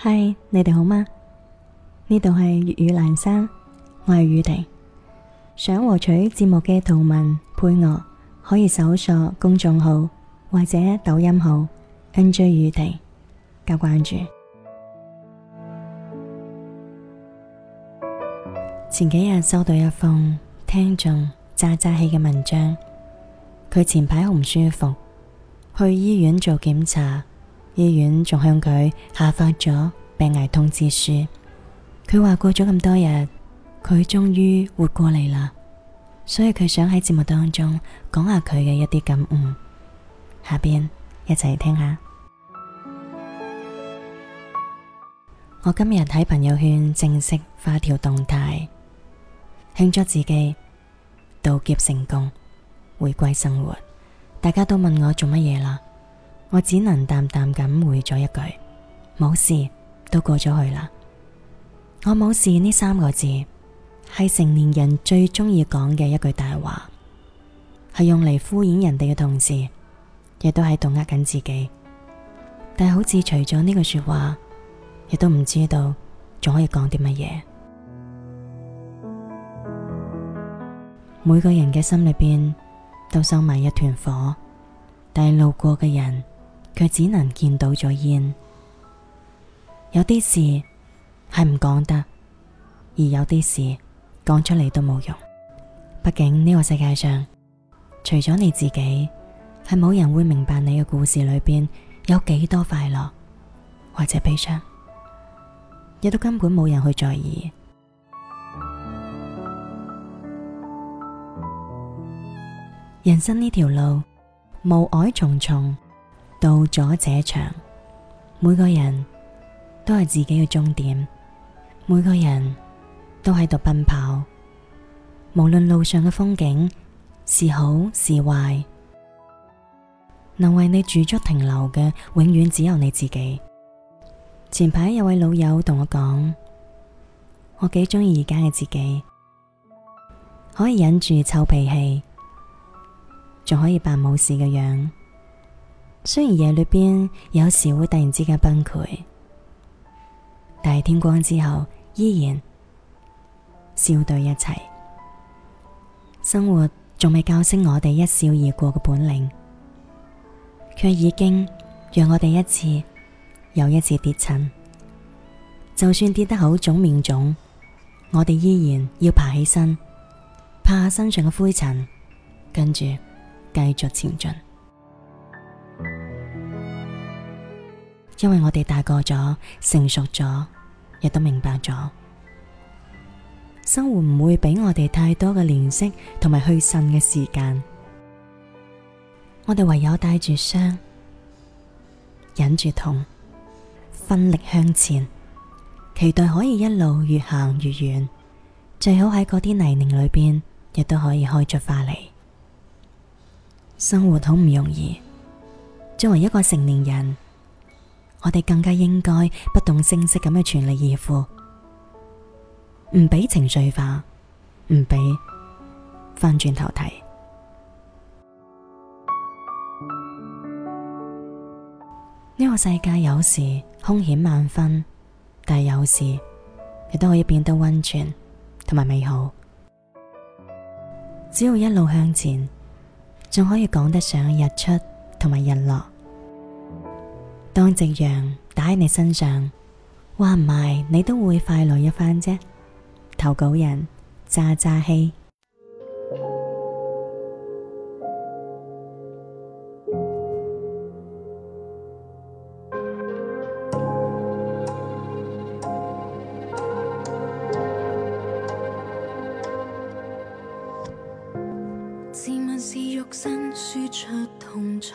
嗨，Hi, 你哋好嗎？呢度係粵語蘭山，我係宇婷。想獲取節目嘅圖文配樂，可以搜索公眾號或者抖音號 NJ 宇婷加關注。前幾日收到一封聽眾渣渣希嘅文章，佢前排好唔舒服，去醫院做檢查。醫院仲向佢下發咗病危通知書，佢話過咗咁多日，佢終於活過嚟啦，所以佢想喺節目當中講下佢嘅一啲感悟。下邊一齊聽下。 我今日喺朋友圈正式發條動態，慶祝自己渡劫成功，回歸生活。大家都問我做乜嘢啦？我只能淡淡咁回咗一句：冇事，都過咗去啦。我冇事呢三個字係成年人最中意講嘅一句大話，係用嚟敷衍人哋嘅同時，亦都喺度呃緊自己。但好似除咗呢句說話，亦都唔知道仲可以講啲乜嘢。每個人嘅心裏邊都收埋一團火，但係路過嘅人，佢只能見到咗煙，有啲事係唔講得，而有啲事講出嚟，都冇用。畢竟呢個世界上，除咗你自己，係冇人會明白你嘅故事裏邊有幾多快樂，或者悲傷，亦都根本冇人去在意。人生呢條路，霧靄重重。到咗這場，每個人都係自己嘅終點，每個人都喺度奔跑，無論路上嘅風景是好是壞，能為你駐足停留嘅，永遠只有你自己。前排有位老友同我講，我幾中意而家嘅自己，可以忍住臭脾氣，仲可以扮冇事嘅樣。雖然夜裏邊有時會突然之間崩潰，但係天光之後依然笑對一切。生活仲未教識我哋一笑而過嘅本領，卻已經讓我哋一次又一次跌親。就算跌得鼻青面腫，我哋依然要爬起身，拍下身上嘅灰塵，跟住繼續前進。因為我哋大個咗，成熟咗，亦都明白咗，生活唔會畀我哋太多嘅憐惜同埋虛呻嘅時間。我哋唯有帶住傷，忍住痛，奮力向前，期待可以一路越行越遠，最好喺嗰啲泥濘裏邊，亦都可以開出花嚟。生活好唔容易，作為一個成年人，我哋更加應該不動聲色咁去全力以赴，唔俾情緒化，唔俾翻轉頭睇。呢、這個世界有時凶險萬分，但係有時亦都可以變得溫存同埋美好。只要一路向前，仲可以趕得上日出同埋日落。當夕陽打喺你身上，話唔埋你都會快樂一番啫。投稿人渣渣希，炸炸自問是肉身，說出痛楚。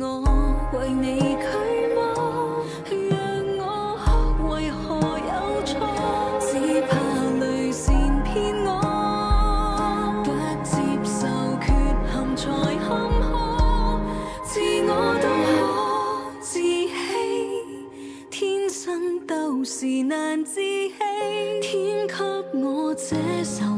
我為你驅魔，讓我哭為何有錯？只怕淚腺騙，騙我，不接受缺陷才坎坷，自我都可自欺，天生鬥士難自棄，天給我這首。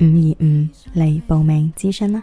五二五嚟報名諮詢啦！